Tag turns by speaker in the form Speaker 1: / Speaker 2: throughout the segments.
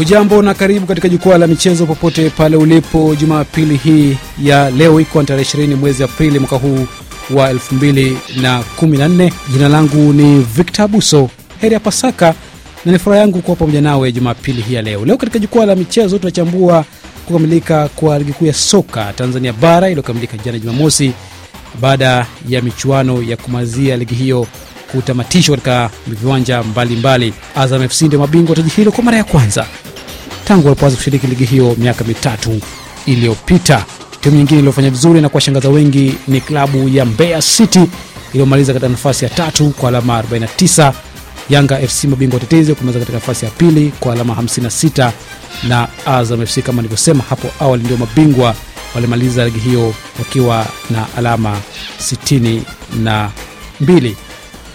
Speaker 1: Hujambo na karibu katika jukwaa la michezo popote pale ulipo. Jumapili hii ya leo iko tarehe 20 mwezi Aprili mwaka huu wa 214 Jina langu ni Victor Buso. Heri ya Pasaka na ni furaha yangu kuwa pamoja nawe Jumapili hii ya leo. Leo katika jukwaa la michezo tunachambua kukamilika kwa ligi kuu ya soka Tanzania bara iliyokamilika jana Jumamosi baada ya michuano ya kumazia ligi hiyo kutamatishwa katika viwanja mbalimbali. Azam FC ndio mabingwa taji hilo kwa mara ya kwanza tangu walipoanza kushiriki ligi hiyo miaka mitatu iliyopita. Timu nyingine iliyofanya vizuri na kuwashangaza wengi ni klabu ya Mbeya City iliyomaliza katika nafasi ya tatu kwa alama 49. Yanga FC mabingwa watetezi kumaliza katika nafasi ya pili kwa alama 56, na Azam FC kama nilivyosema hapo awali ndio mabingwa, walimaliza ligi hiyo wakiwa na alama 62.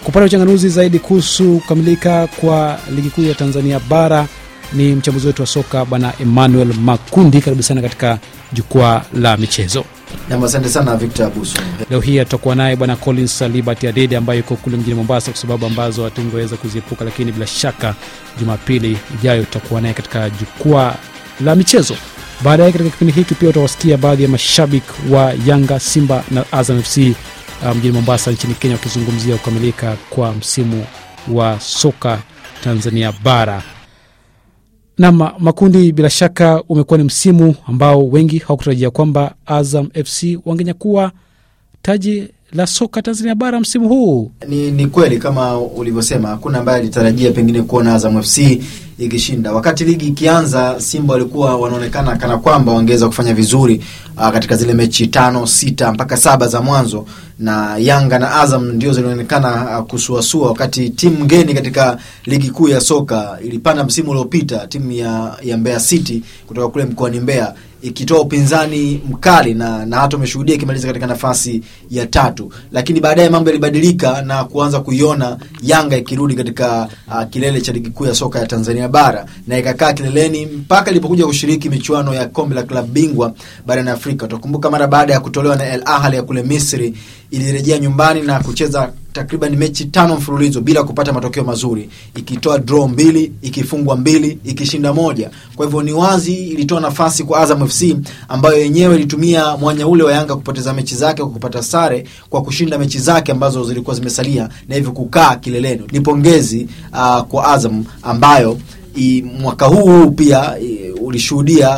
Speaker 1: Kupata uchanganuzi zaidi kuhusu kukamilika kwa ligi kuu ya Tanzania bara ni mchambuzi wetu wa soka bwana Emmanuel Makundi. Karibu sana katika jukwaa la michezo. Nam, asante sana Victor Abuso. Leo hii atakuwa naye bwana Collins Liberty Adede ambaye yuko kule mjini Mombasa kwa sababu ambazo hatungeweza kuziepuka, lakini bila shaka Jumapili ijayo tutakuwa naye katika jukwaa la michezo. Baadaye katika kipindi hiki pia utawasikia baadhi ya mashabik wa Yanga, Simba na Azam FC uh, mjini Mombasa nchini Kenya wakizungumzia kukamilika kwa msimu wa soka Tanzania bara na makundi bila shaka umekuwa ni msimu ambao wengi hawakutarajia kwamba azam fc kuwa taji la soka tanzania bara msimu huu ni, ni
Speaker 2: kweli kama ulivyosema hakuna ambaye alitarajia pengine kuona azam fc ikishinda. Wakati ligi ikianza, Simba walikuwa wanaonekana kana kwamba wangeweza kufanya vizuri uh, katika zile mechi tano, sita mpaka saba za mwanzo, na Yanga na Azam ndio zilionekana uh, kusuasua, wakati timu ngeni katika ligi kuu ya soka ilipanda msimu uliopita timu ya, ya Mbeya City kutoka kule mkoani Mbeya ikitoa upinzani mkali na, na hata umeshuhudia ikimaliza katika nafasi ya tatu, lakini baadaye mambo yalibadilika na kuanza kuiona Yanga ikirudi katika uh, kilele cha ligi kuu ya soka ya Tanzania bara na ikakaa kileleni mpaka ilipokuja kushiriki michuano ya kombe la klabu bingwa barani Afrika. Utakumbuka mara baada ya kutolewa na El Ahly ya kule Misri, ilirejea nyumbani na kucheza takriban mechi tano mfululizo bila kupata matokeo mazuri, ikitoa draw mbili, ikifungwa mbili, ikishinda moja. Kwa hivyo ni wazi ilitoa nafasi kwa Azam FC ambayo yenyewe ilitumia mwanya ule wa Yanga kupoteza mechi zake kwa kupata sare, kwa kushinda mechi zake ambazo zilikuwa zimesalia na hivyo kukaa kileleni. Ni pongezi uh, kwa Azam ambayo i, mwaka huu pia i, ulishuhudia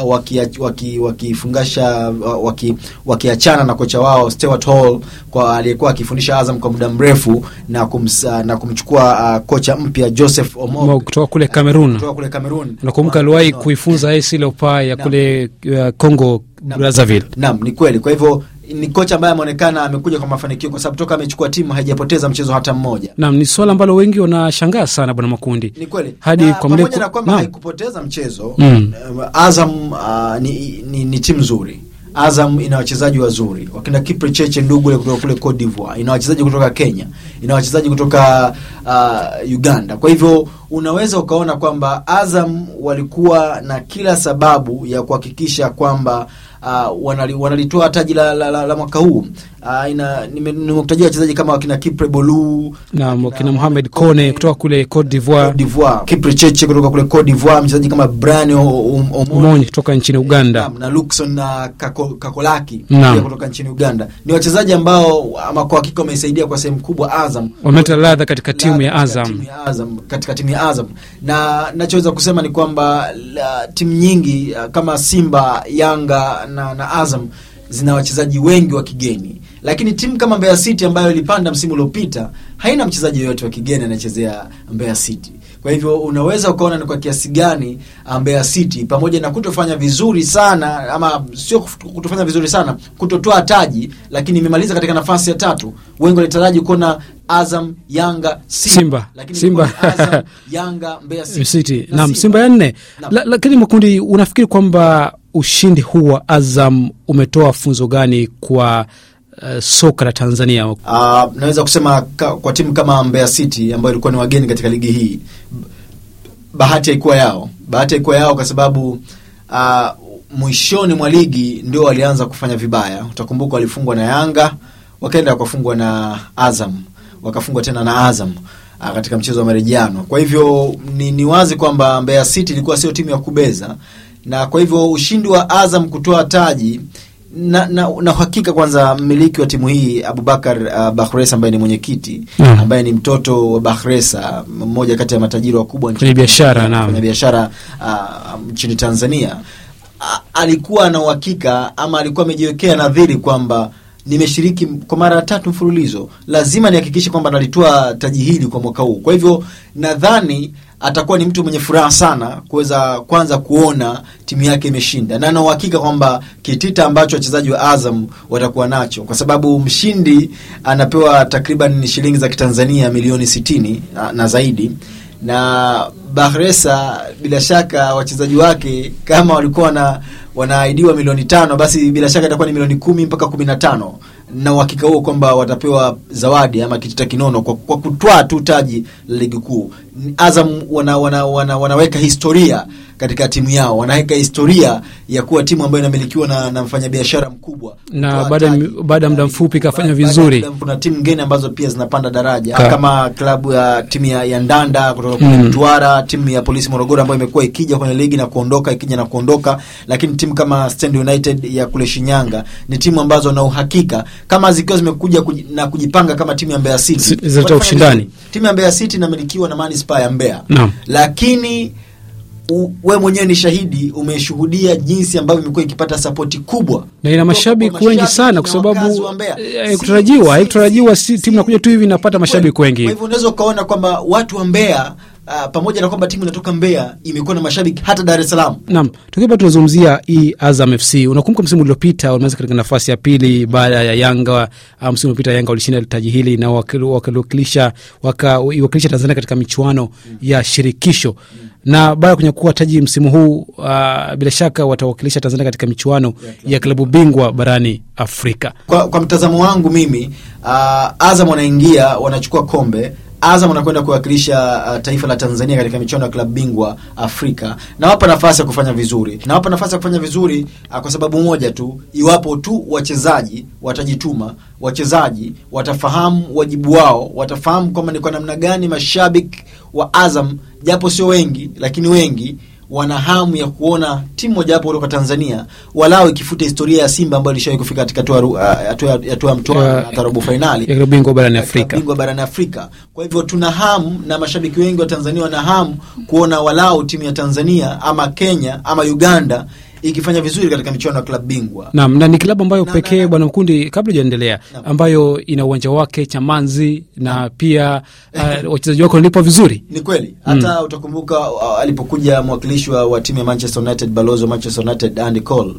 Speaker 2: wakifungasha waki, waki wakiachana waki na kocha wao Stewart Hall kwa aliyekuwa akifundisha Azam kwa muda mrefu na, kumsa, na kumchukua uh, kocha mpya Joseph
Speaker 1: kutoka kule Cameroon. Kutoka kule Cameroon. Nakumbuka aliwahi kuifunza AS Leopards ya kule uh, Congo Brazzaville. Naam, ni kweli.
Speaker 2: Kwa hivyo ni kocha ambaye ameonekana amekuja kwa mafanikio, kwa sababu toka amechukua timu haijapoteza mchezo
Speaker 1: hata mmoja. Naam, ni swala ambalo wengi wanashangaa sana, bwana Makundi. Ni kweli hadi na, kwa pamoja na kwamba
Speaker 2: haikupoteza mchezo mm. Eh,
Speaker 1: Azam uh, ni, ni, ni timu nzuri Azam
Speaker 2: ina wachezaji wazuri wakina Kipre Cheche ndugu ile kutoka kule Cote d'Ivoire, ina wachezaji kutoka Kenya, ina wachezaji kutoka uh, Uganda. Kwa hivyo unaweza ukaona kwamba Azam walikuwa na kila sababu ya kuhakikisha kwamba uh, wanalitoa taji la, la, la, la mwaka huu aina ah, nimekutajia nimekutajia wachezaji kama wakina Kipre Bolu
Speaker 1: na wakina Mohamed Kone kutoka kule Cote d'Ivoire, d'Ivoire Kipre Cheche kutoka kule Cote d'Ivoire, mchezaji kama Brian Omonye kutoka nchini Uganda e, na, na Luxon na Kako,
Speaker 2: Kakolaki na, kutoka nchini Uganda. Ni wachezaji ambao ama kwa hakika wameisaidia kwa sehemu kubwa Azam,
Speaker 1: wameleta ladha katika timu ya Azam, katika timu ya Azam,
Speaker 2: na nachoweza kusema ni kwamba timu nyingi uh, kama Simba, Yanga na, na Azam zina wachezaji wengi wa kigeni lakini timu kama Mbeya City ambayo ilipanda msimu uliopita haina mchezaji yoyote wa kigeni anayechezea Mbeya City. Kwa hivyo unaweza ukaona ni kwa kiasi gani ah, Mbeya City pamoja na kutofanya vizuri sana ama sio kutofanya vizuri sana, kutotoa taji, lakini imemaliza katika nafasi ya tatu. Wengi walitaraji kuona Azam, Yanga, Simba, Simba. Lakini Simba. Azam, Yanga, Mbeya City,
Speaker 1: City. Na, na Simba ya nne la, lakini makundi, unafikiri kwamba ushindi huu wa Azam umetoa funzo gani kwa Uh, soka la Tanzania? Uh,
Speaker 2: naweza kusema ka, kwa timu kama Mbeya City ambayo ilikuwa ni wageni katika ligi hii, bahati haikuwa yao, bahati haikuwa yao kwa sababu uh, mwishoni mwa ligi ndio walianza kufanya vibaya. Utakumbuka walifungwa na Yanga, wakaenda wakafungwa na Azam, wakafungwa tena na Azam ah, katika mchezo wa marejano. Kwa hivyo ni, ni wazi kwamba Mbeya City ilikuwa sio timu ya kubeza, na kwa hivyo ushindi wa Azam kutoa taji na, na, na uhakika kwanza, mmiliki wa timu hii Abubakar uh, Bakhresa ambaye ni mwenyekiti mm. ambaye ni mtoto wa Bakhresa, mmoja kati ya matajiri wakubwa
Speaker 1: nchini biashara na
Speaker 2: biashara uh, nchini uh, Tanzania A, alikuwa na uhakika ama alikuwa amejiwekea nadhiri kwamba nimeshiriki kwa mara ya tatu mfululizo, lazima nihakikishe kwamba nalitoa taji hili kwa mwaka huu. Kwa hivyo nadhani atakuwa ni mtu mwenye furaha sana kuweza kwanza kuona timu yake imeshinda, na ana uhakika kwamba kitita ambacho wachezaji wa Azam watakuwa nacho, kwa sababu mshindi anapewa takriban shilingi za kitanzania milioni sitini na, na zaidi na Bahresa bila shaka wachezaji wake kama walikuwa na wanaahidiwa milioni tano, basi bila shaka itakuwa ni milioni kumi mpaka kumi na tano na uhakika huo kwamba watapewa zawadi ama kitita kinono kwa, kwa kutwaa tu taji la ligi kuu. Azam wana, wana, wana, wanaweka historia katika timu yao, wanaweka historia ya kuwa timu ambayo inamilikiwa na, na mfanyabiashara mkubwa,
Speaker 1: na baada ya muda mfupi kafanya vizuri.
Speaker 2: Kuna timu ngeni ambazo pia zinapanda daraja Ka. kama klabu ya timu ya, ya Ndanda kutoka kule mm. Mtwara mm. timu ya Polisi Morogoro ambayo imekuwa ikija kwenye ligi na kuondoka, ikija na kuondoka, lakini timu kama Stand United ya kule Shinyanga ni timu ambazo na uhakika kama zikiwa zimekuja kuj, na kujipanga kama timu ya Mbeya City, ushindani. timu ya Mbeya City inamilikiwa na Manispaa ya Mbeya no. lakini we mwenyewe ni shahidi, umeshuhudia jinsi ambavyo imekuwa ikipata sapoti kubwa
Speaker 1: na ina mashabiki wengi sana, kwa sababu eh, haikutarajiwa haikutarajiwa, si si, timu inakuja tu hivi inapata mashabiki wengi. Kwa hivyo
Speaker 2: unaweza ukaona kwamba watu wa Mbeya Uh, pamoja na kwamba timu inatoka Mbeya imekuwa na
Speaker 1: mashabiki hata Dar es Salaam. Naam, tukiwa tunazungumzia hii Azam FC, unakumbuka msimu uliopita walimaliza katika nafasi ya pili baada ya Yanga. Uh, msimu uliopita Yanga walishinda taji hili na wakiliwakilisha waka, Tanzania katika michuano mm. ya shirikisho mm na baada ya kunyakua taji msimu huu uh, bila shaka watawakilisha Tanzania katika michuano yeah, ya klabu bingwa barani Afrika.
Speaker 2: Kwa, kwa mtazamo wangu mimi uh, Azam wanaingia wanachukua kombe Azam anakwenda kuwakilisha uh, taifa la Tanzania katika michuano ya klabu bingwa Afrika. Nawapa nafasi ya kufanya vizuri, nawapa nafasi ya kufanya vizuri uh, kwa sababu moja tu, iwapo tu wachezaji watajituma, wachezaji watafahamu wajibu wao, watafahamu kwamba ni kwa namna gani mashabiki wa Azam, japo sio wengi, lakini wengi wana hamu ya kuona timu moja hapo kutoka Tanzania walao ikifuta historia ya Simba ambayo ilishawahi kufika katika hatua ah, ya mtoano robo fainali ya bingwa barani Afrika, bingwa barani Afrika. Kwa hivyo tuna hamu na mashabiki wengi wa Tanzania wana hamu kuona walao timu ya Tanzania ama Kenya ama Uganda ikifanya vizuri katika michuano ya klabu bingwa.
Speaker 1: Naam, na ni klabu ambayo pekee, bwana Mkundi, kabla hujaendelea, ambayo ina uwanja wake Chamanzi na na pia uh, wachezaji wake walipo vizuri.
Speaker 2: Ni kweli hata mm. utakumbuka uh, alipokuja mwakilishi wa timu ya Manchester United, balozi wa Manchester United Andy Cole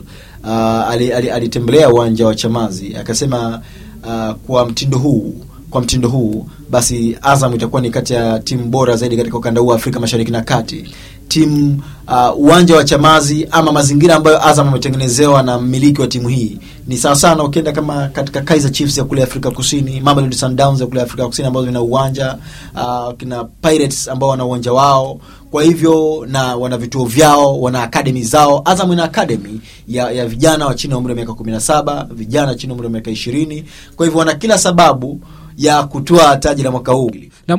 Speaker 2: uh, alitembelea ali, ali uwanja wa Chamazi akasema uh, kwa mtindo huu kwa mtindo huu basi Azam itakuwa ni kati ya timu bora zaidi katika ukanda huu wa Afrika Mashariki na Kati timu uh, uwanja wa Chamazi ama mazingira ambayo Azam ametengenezewa na mmiliki wa timu hii ni sawa sana. Ukienda kama katika Kaizer Chiefs ya kule Afrika Kusini, Mamelodi Sundowns ya kule Afrika Kusini ambazo zina uwanja uh, kina Pirates ambao wana uwanja wao, kwa hivyo na wana vituo vyao, wana akademi zao. Azam ina akademi ya, ya vijana wa chini ya umri wa miaka 17, vijana chini ya umri wa miaka 20, kwa hivyo wana kila sababu ya kutoa taji la mwaka
Speaker 1: huu. Na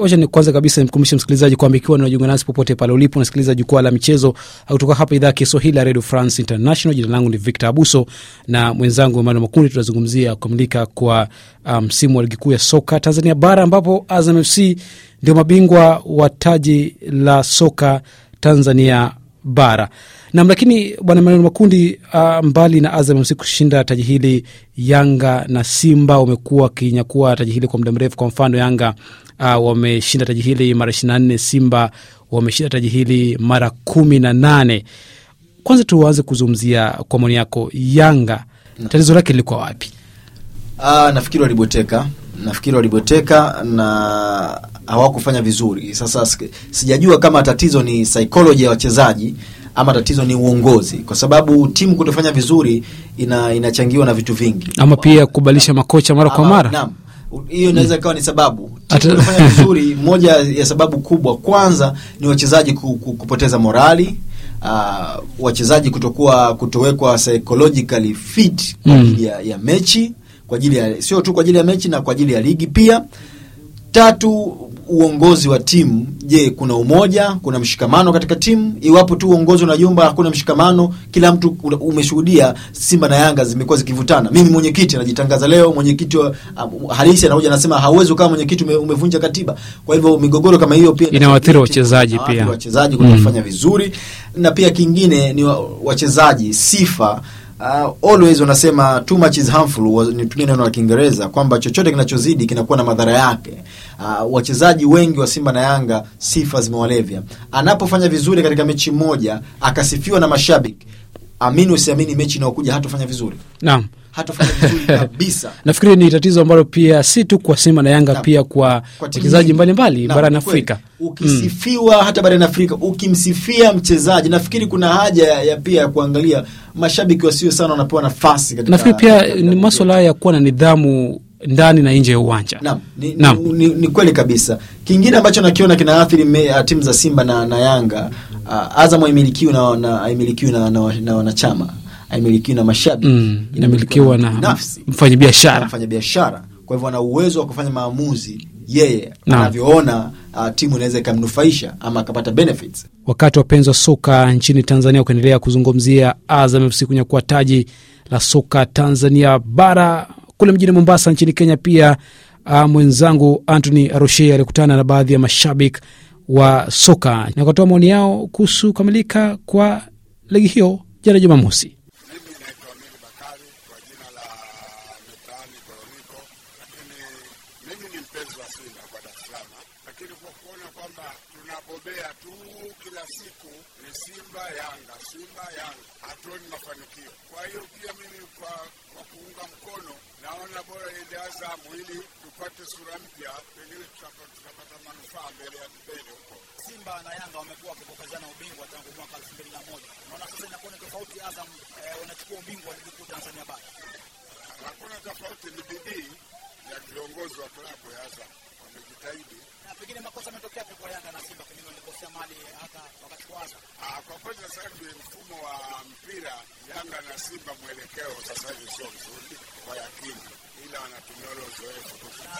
Speaker 1: wacha ni kwanza kabisa nimkumbushe msikilizaji kwamba ikiwa unajiunga nasi popote pale ulipo unasikiliza jukwaa la michezo kutoka hapa idhaa ya Kiswahili ya Radio France International. Jina langu ni Victor Abuso na mwenzangu Emmanuel Makundi, tunazungumzia kukamilika kwa uh, msimu um, wa ligi kuu ya soka Tanzania bara ambapo Azam FC ndio mabingwa wa taji la soka Tanzania bara nam. Lakini bwana Manuel Makundi, uh, mbali na Azam FC kushinda taji hili, Yanga na Simba wamekuwa wakinyakua taji hili kwa muda mrefu. Kwa mfano, Yanga uh, wameshinda taji hili mara ishirini na nne, Simba wameshinda taji hili mara kumi na nane. Kwanza tuanze kuzungumzia kwa maoni yako, Yanga tatizo lake lilikuwa wapi?
Speaker 2: Aa, ah, nafikiri waliboteka, nafikiri waliboteka na hawakufanya vizuri. Sasa sijajua kama tatizo ni psychology ya wachezaji ama tatizo ni uongozi, kwa sababu timu kutofanya vizuri ina inachangiwa na vitu vingi,
Speaker 1: ama pia kubadilisha makocha mara kwa ah, mara. Naam,
Speaker 2: hiyo inaweza mm. ikawa ni sababu kutofanya vizuri. Moja ya sababu kubwa kwanza ni wachezaji kupoteza morali uh, wachezaji kutokuwa kutowekwa psychologically fit kwa mm. ajili mm. ya, ya mechi kwa ajili ya sio tu kwa ajili ya mechi na kwa ajili ya ligi pia Tatu, uongozi wa timu. Je, kuna umoja, kuna mshikamano katika timu? Iwapo tu uongozi na jumba hakuna mshikamano, kila mtu umeshuhudia Simba na Yanga zimekuwa zikivutana. Mimi mwenyekiti anajitangaza leo mwenyekiti wa um, halisi anakuja anasema hauwezi kama mwenyekiti ume, umevunja katiba. Kwa hivyo migogoro kama hiyo pia inawaathiri wachezaji pia. Wachezaji mm. kutofanya mm. vizuri na pia kingine ni wachezaji sifa Uh, always wanasema too much is harmful, nitumie neno la Kiingereza kwamba chochote kinachozidi kinakuwa na madhara yake uh, wachezaji wengi wa Simba na Yanga sifa zimewalevya. Anapofanya vizuri katika mechi moja akasifiwa na mashabiki, amini usiamini, mechi inayokuja hatofanya vizuri.
Speaker 1: Naam, Nafikiri ni tatizo ambalo pia si tu kwa Simba na Yanga na, pia kwa wachezaji mbalimbali barani Afrika. Ukisifiwa mm, hata barani Afrika ukimsifia
Speaker 2: mchezaji, nafikiri kuna haja ya, pia ya kuangalia mashabiki wasio sana wanapewa nafasi katika. Nafikiri
Speaker 1: pia ni masuala ya kuwa na nidhamu ndani na nje ya uwanja. Naam,
Speaker 2: ni, na. ni, ni, ni kweli kabisa. Kingine ambacho nakiona kinaathiri uh, timu za Simba na, na Yanga uh, Azam haimilikiwi na, na, haimilikiwi na, na, na wanachama haimilikiwi na mashabiki
Speaker 1: mm, inamilikiwa na, na mfanyabiashara
Speaker 2: mfanyabiashara. Kwa hivyo ana uwezo wa kufanya maamuzi yeye anavyoona uh, timu inaweza ikamnufaisha ama akapata benefits.
Speaker 1: Wakati wapenzi wa soka nchini Tanzania ukiendelea kuzungumzia Azam FC kunyakua taji la soka Tanzania bara kule mjini mombasa nchini kenya pia uh, mwenzangu antony roshe alikutana na baadhi ya mashabiki wa soka na kutoa maoni yao kuhusu kukamilika kwa ligi hiyo jana jumamosi
Speaker 3: kuona kwamba tunabobea tu kila siku ni Simba Yanga, Simba Yanga, hatuoni mafanikio. Kwa hiyo pia mimi kwa, kwa kuunga mkono naona bora iende Azamu ili tupate sura mpya, pengine tutapata manufaa mbele ya mbele huko. Simba na Yanga wamekuwa wakipokezana ubingwa tangu mwaka elfu mbili na moja. Naona sasa inakuwa tofauti. Azam eh, wanachukua ubingwa wa Tanzania Bara. Hakuna tofauti, ni bidii ya kiongozi wa klabu ya Azam amejitahidi na pengine makosa ametokea kwa Yanga na Simba, pengine walikosea mali hata wakachukwaza. Ah, kwa kweli sasa hivi mfumo wa mpira Yanga na Simba mwelekeo sasa hivi sio mzuri, kwa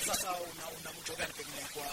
Speaker 3: sasa una, una mto gani pengine kwa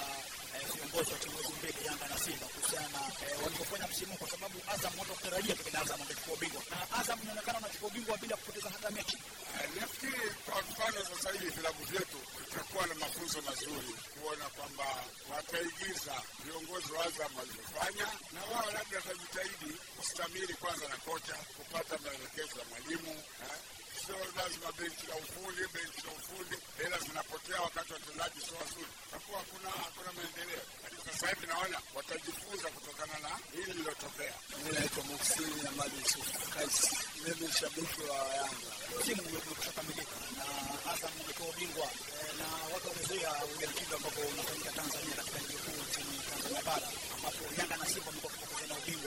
Speaker 3: eh, viongozi wa timu hizi mbili Yanga na Simba kuhusiana na eh, walivyofanya msimu, kwa sababu Azam watu kutarajia pengine Azam angechukua ubingwa na Azam inaonekana anachukua ubingwa bila kupoteza hata mechi. Eh, nafikiri kwa mfano sasa hivi vilabu vyetu vitakuwa na mafunzo mazuri kuona kwamba wataigiza viongozi wa Azam walivyofanya, na wao labda watajitahidi kustamili kwanza na kocha kupata maelekezo ya mwalimu eh? sio lazima benchi la ufundi, benchi la ufundi, hela zinapotea wakati watendaji sio wazuri, takuwa hakuna hakuna maendeleo. Lakini sasa hivi naona watajifunza kutokana na hili lilotokea. Mimi naitwa Muhsini Amadi Yusuf Kaisi, mimi ni shabiki wa Yanga. Timu imekwishakamilika na hasa mmetoa ubingwa eh, na watu wamezoea ujarikivu ambapo unafanyika Tanzania katika ligi kuu nchini Tanzania bara ambapo Yanga na Simba wamekuwa wakipokezana ubingwa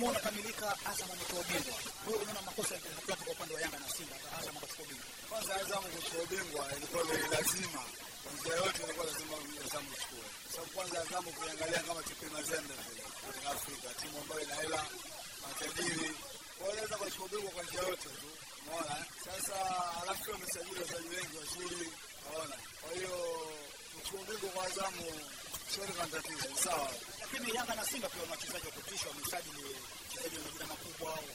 Speaker 3: umeona kamilika Azam ametoa ubingwa. Wewe unaona makosa ya kwa upande wa Yanga na Simba Azam akachukua ubingwa. Kwanza Azam kuchukua ubingwa ilikuwa ni lazima. Kwanza yote ilikuwa lazima Azam ichukue. Sababu kwanza Azam kuangalia kama TP Mazembe vile katika Afrika, timu ambayo ina hela, matajiri. Wanaweza kuchukua ubingwa kwa njia yote tu. Unaona? Eh? Sasa alafu wamesajili wachezaji wengi wazuri. Unaona? Kwa hiyo kuchukua ubingwa kwa Azamu Sorry kwa tatizo. Sawa. Lakini Yanga na Simba pia wana wachezaji wa kutisha, wamesajili wachezaji wa majina makubwa au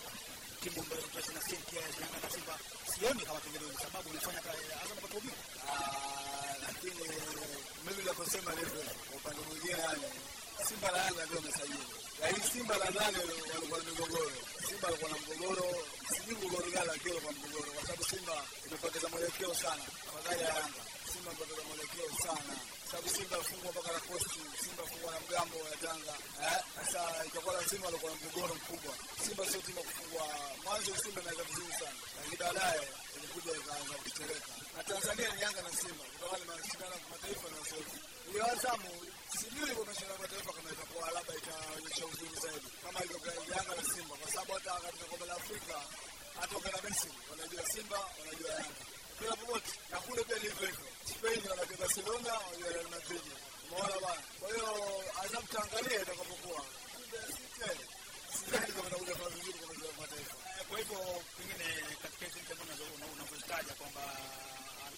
Speaker 3: timu ambayo tunaishi na Simba, Yanga na Simba sioni kama tengeleo ni sababu imefanya Azam kwa tobi. Ah, lakini mimi la kusema hivyo kwa upande mwingine yani Simba la Yanga ndio wamesajili. Lakini Simba la Yanga walikuwa na mgogoro. Simba alikuwa na mgogoro, sijui mgogoro gani akiwa kwa mgogoro kwa sababu Simba imepoteza mwelekeo sana. Kwa ya Yanga, Simba imepoteza mwelekeo sana sababu Simba alifungwa mpaka na Coast, Simba alifungwa na mgambo ya Tanga. eh, Sasa itakuwa lazima alikuwa na mgogoro mkubwa. Simba sio timu kufungwa mwanzo, Simba inaweza vizuri sana, lakini baadaye ilikuja ikaanza kutereka. Na Tanzania ni Yanga na Simba kutokana na mashindano ya mataifa na sote hiyo Azamu sijui kwa mashindano ya mataifa kama itakuwa labda itaonyesha uzuri zaidi kama ilivyokuwa Yanga na Simba, kwa sababu hata katika kombe la Afrika hata ukenda Messi wanajua Simba wanajua Yanga kuna popote na kule pia ni hivyo hivyo. Spain wanapiga Barcelona au Real Madrid. Umeona bwana. Kwa hiyo Azam taangalia itakapokuwa. Kumbe sisi sidhani kama tunakuja kwa vizuri kama vile mataifa. Kwa hivyo pengine katika hizo mchezo unazo unavyotaja kwamba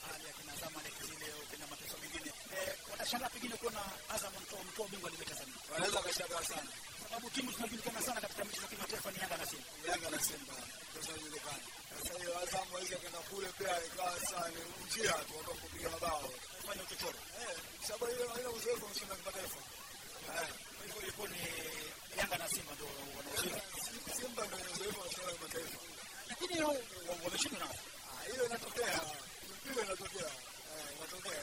Speaker 3: hali ya kina Zamalek zile au kina mataifa mengine eh, wanashangaa pengine kuona Azam mtoa mtoa bingwa lile Tanzania. Wanaweza wakashangaa sana sababu timu zinajulikana sana katika mechi za kimataifa ni Yanga na Simba. Yanga na Simba Sasa zinajulikana. Sasa hiyo Azam haizi akaenda kule pia ikawa sana njia tu watu kupiga mabao Fanya uchochoro. Eh, sababu hiyo haina uzoefu wa wa kimataifa. Eh, hiyo ilikuwa ni Yanga na Simba ndio wanaoshinda. Eh, Simba ndio uzoefu wa wa kimataifa. Lakini hiyo wameshinda nao.
Speaker 1: Ah, hiyo inatokea. Hiyo inatokea. Eh, inatokea.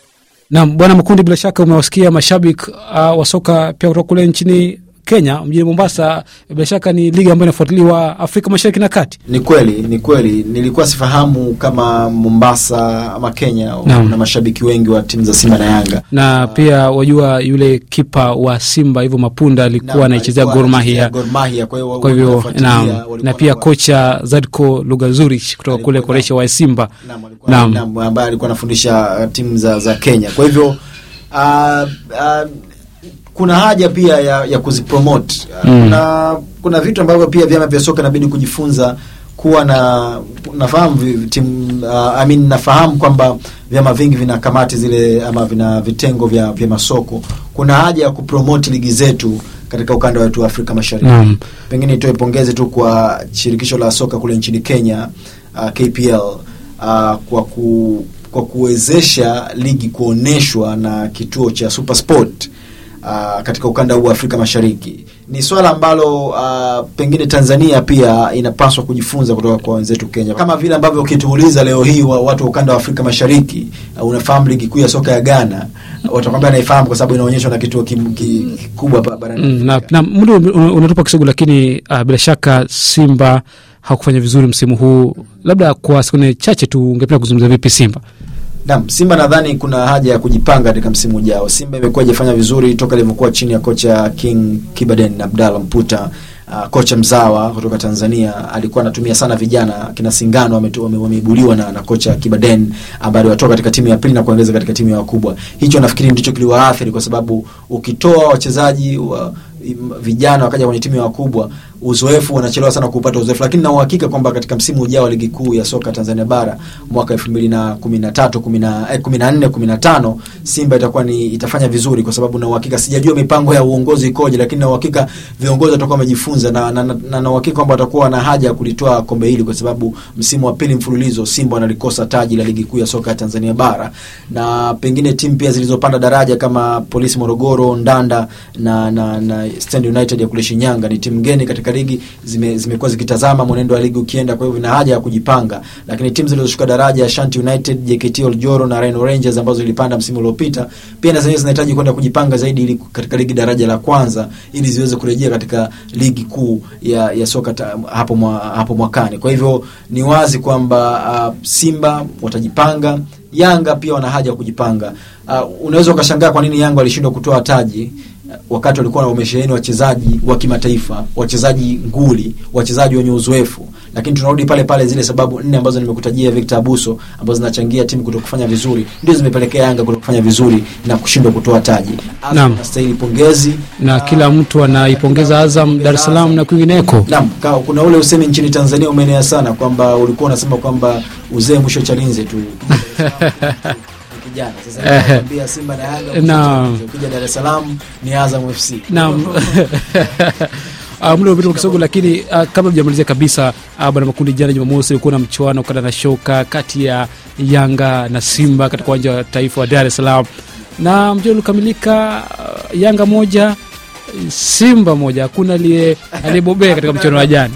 Speaker 1: Naam, bwana Mkundi, bila shaka umewasikia mashabiki uh, wa soka pia kutoka kule nchini Kenya mjini Mombasa, bila shaka ni ligi ambayo inafuatiliwa Afrika Mashariki na Kati. Ni
Speaker 2: kweli, ni kweli, nilikuwa
Speaker 1: sifahamu kama
Speaker 2: Mombasa ama Kenya na mashabiki wengi wa timu za Simba na Yanga
Speaker 1: na uh, pia wajua yule kipa wa Simba hivyo Mapunda alikuwa anaichezea Gor Mahia, kwa hivyo na, na pia kocha Zadko Lugazurich kutoka kule Koresha wa Simba
Speaker 2: ambaye alikuwa anafundisha uh, timu za, za Kenya kwa hivyo uh, uh, kuna mm. haja pia ya, ya kuzipromote mm. kuna, kuna vitu ambavyo pia vyama vya soka inabidi kujifunza kuwa na nafahamu tim, uh, I mean nafahamu kwamba vyama vingi vina kamati zile ama vina vitengo vya, vya masoko. Kuna haja ya kupromote ligi zetu katika ukanda wetu wa Afrika Mashariki mm. Pengine nitoe pongezi tu kwa shirikisho la soka kule nchini Kenya uh, KPL uh, kwa ku, kwa kuwezesha ligi kuoneshwa na kituo cha Mm uh, katika ukanda huu wa Afrika Mashariki. Ni swala ambalo uh, pengine Tanzania pia inapaswa kujifunza kutoka kwa wenzetu Kenya, kama vile ambavyo ukituuliza leo hii wa watu wa ukanda wa Afrika Mashariki uh, unafahamu ligi kuu ya soka ya Ghana watakwambia naifahamu kwa sababu inaonyeshwa na kituo kikubwa barani
Speaker 1: mm, na, na muda unatupa kisogo, lakini uh, bila shaka Simba hakufanya vizuri msimu huu. Labda kwa sekunde chache tu, ungependa kuzungumza vipi Simba?
Speaker 2: Naam, Simba nadhani kuna haja ya kujipanga katika msimu ujao. Simba imekuwa ijafanya vizuri toka ilivyokuwa chini ya kocha King Kibaden na Abdalla Mputa. Uh, kocha mzawa kutoka Tanzania alikuwa anatumia sana vijana kina Singano wameibuliwa na, na kocha Kibaden ambaye watoka katika timu ya pili na kuongeza katika timu ya wakubwa. Hicho nafikiri ndicho kiliwaathiri kwa sababu ukitoa wachezaji wa, vijana wakaja kwenye timu ya wakubwa uzoefu wanachelewa sana kupata uzoefu, lakini na uhakika kwamba katika msimu ujao wa ligi kuu ya soka Tanzania bara mwaka 2013 14 15 Simba itakuwa ni itafanya vizuri, kwa sababu na uhakika, sijajua mipango ya uongozi ikoje, lakini na uhakika viongozi watakuwa wamejifunza, na na na, na, na uhakika kwamba watakuwa na haja ya kulitoa kombe hili, kwa sababu msimu wa pili mfululizo Simba wanalikosa taji la ligi kuu ya soka Tanzania bara, na pengine timu pia zilizopanda daraja kama Polisi Morogoro, Ndanda na na, na Stand United ya kule Shinyanga ni timu geni katika katika ligi zimekuwa zime, zikitazama mwenendo wa ligi ukienda, kwa hivyo ina haja ya kujipanga. Lakini timu zilizoshuka daraja Ashanti United, JKT Oljoro na Rhino Rangers ambazo zilipanda msimu uliopita, pia na zenyewe zinahitaji kwenda kujipanga zaidi ili katika ligi daraja la kwanza ili ziweze kurejea katika ligi kuu ya, ya soka ta, hapo mwa, hapo mwakani. Kwa hivyo ni wazi kwamba uh, Simba watajipanga Yanga pia wana haja ya kujipanga. Uh, unaweza ukashangaa kwa nini Yanga walishindwa kutoa taji wakati walikuwa wamesheheni wachezaji wa kimataifa, wachezaji nguli, wachezaji wenye uzoefu, lakini tunarudi pale pale, zile sababu nne ambazo nimekutajia Victor Abuso, ambazo zinachangia timu kutokufanya vizuri, ndio zimepelekea Yanga kutokufanya vizuri na kushindwa kutoa taji.
Speaker 1: Naam, nastahili pongezi na ah, kila mtu anaipongeza Azam, Dar es Salaam na kwingineko. Naam,
Speaker 2: kuna ule usemi nchini Tanzania umeenea sana kwamba ulikuwa unasema kwamba uzee mwisho chalinze
Speaker 1: tu vijana. Sasa nakwambia Simba na Yanga kuja Dar es Salaam ni Azam FC. Naam. Ah, kisogo, lakini uh, kabla hujamalizia kabisa uh, bwana Makundi, jana Jumamosi ulikuwa na mchuano kada na shoka kati ya Yanga na Simba katika uwanja wa taifa wa Dar es Salaam na mchuano ulikamilika uh, Yanga moja Simba moja, hakuna aliyebobea katika mchuano wa jana,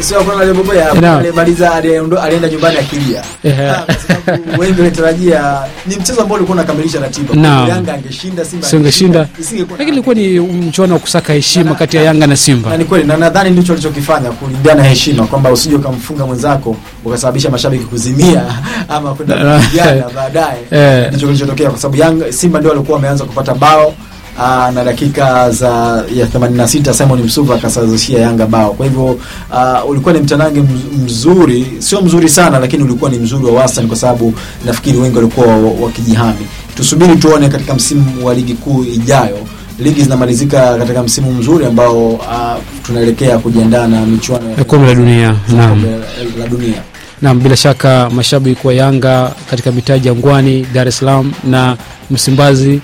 Speaker 2: sio hakuna aliyebobea, aliyemaliza, alienda nyumbani akilia,
Speaker 1: ah, kwa
Speaker 2: sababu wengi wanatarajia ni mchezo ambao ulikuwa unakamilisha ratiba. Yanga angeshinda Simba angeshinda,
Speaker 1: lakini ilikuwa ni mchuano wa kusaka heshima kati ya Yanga na Simba, na ni kweli, na nadhani ndicho
Speaker 2: alichokifanya kulingana heshima, kwamba usije ukamfunga mwenzako ukasababisha mashabiki kuzimia ama kwenda kupigana baadaye, eh. ndicho kilichotokea, kwa sababu Yanga Simba ndio walikuwa wameanza kupata bao aa, ah, na dakika za ya 86 Simon Msuva akasawazishia Yanga bao. Kwa hivyo uh, ulikuwa ni mtanange mzuri, sio mzuri sana, lakini ulikuwa ni mzuri wa wastani, kwa sababu nafikiri wengi walikuwa wakijihami. Tusubiri tuone katika msimu wa ligi kuu ijayo ligi zinamalizika katika msimu mzuri ambao uh, tunaelekea kujiandaa na michuano ya kombe la dunia. Naam,
Speaker 1: la dunia. Naam, bila shaka mashabiki wa Yanga katika mitaa ya Jangwani, Dar es Salaam na Msimbazi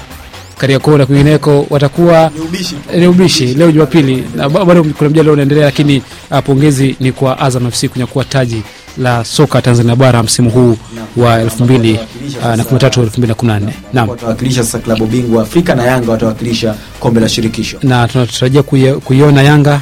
Speaker 1: Kariakoo na kwingineko watakuwa ni ubishi, leo Jumapili, na bado kuna mjadala unaendelea, lakini ah, pongezi ni kwa Azam FC kunyakua taji la soka Tanzania bara msimu huu wa 2013 2014. Ah, Naam, watawakilisha
Speaker 2: sasa klabu bingwa Afrika na Yanga watawakilisha kombe la shirikisho,
Speaker 1: na tunatarajia kuiona Yanga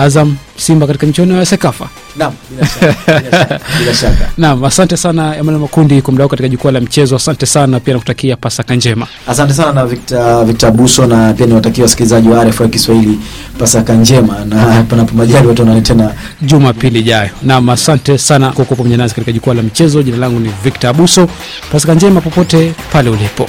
Speaker 1: Azam Simba katika michuano ya Sekafa.
Speaker 2: Naam, bila shaka, bila shaka, bila
Speaker 1: shaka. asante sana Emmanuel Makundi kwa muda wako katika jukwaa la mchezo. Asante sana pia nakutakia Pasaka njema. Asante sana na
Speaker 2: Victor Victor Buso na pia niwatakia wasikilizaji wa RFI Kiswahili Pasaka njema na panapo majali watu wanaona tena
Speaker 1: Jumapili ijayo. Naam, asante sana kwa kuwa pamoja nasi katika jukwaa la mchezo. Jina langu ni Victor Buso. Pasaka njema popote pale ulipo.